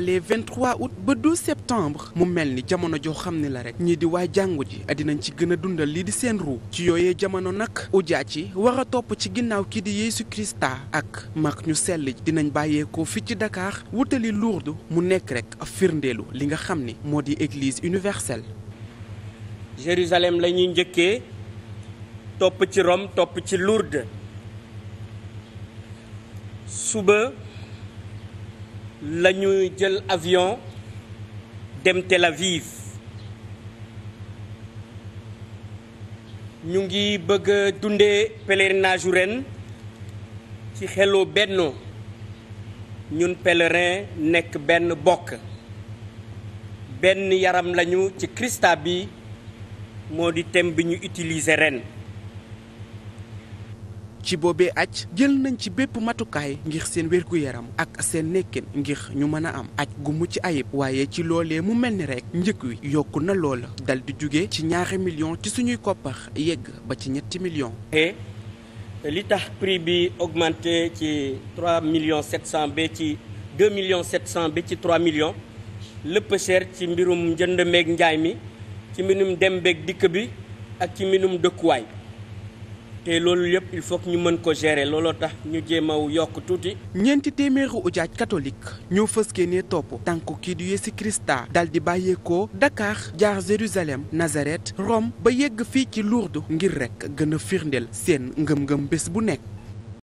les 23 août ba 12 septembre mu mel ni jamono joo xam ne la rek ñii di waa jàngu ji dinañ ci gën a dundal lii di seen ruu ci yooyee jamono nag ujaa ci war a topp ci ginnaaw kii di Yeesu Krista ak mag ñu sell dinañ bàyyeekoo fi ci Dakar wutali Lourdes mu nekk rek firndeelu li nga xam ni moo di église universelle Jérusalem lañuy njëkkee topp ci Rome topp ci Lourdes la jël avion dem Tel Aviv ñu ngi bëgg a dundee pèlerinage ren ci xeloo benno ñun pèlerin nekk benn bokk benn yaram lañu ci Christ bi moo di thème bi ñu utiliser ren ci boobee aj jël nañ ci bépp matukaay ngir seen wér yaram ak seen nekkin ngir ñu mën a am aj gu mucc ayib waaye ci loole mu mel ni rek njëkk wi yokku na loola dal di jóge ci ñaari millions ci suñuy koppar yegg ba ci ñetti millions. li tax prix bi augmenté ci 3 millions 700 ba ci 2 millions 700 ba ci 3 millions lépp cher ci mbirum njënd meeg njaay mi ci mbinum dem beeg dikk bi ak ci mbirum dëkkuwaay. te loolu yëpp il foog ñu mën ko gérer looloo tax ñu jéemaw a yokk tuuti. ñeenti téeméeri ujaaj catholique ñoo fës génnee topp tànku kii du Yeesu Krista dal di bàyyeekoo dakaar jaar Jérusalem Nazareth Rome ba yegg fii ci Lourdes ngir rek gën a firndeel seen ngëm-ngëm bés bu nekk.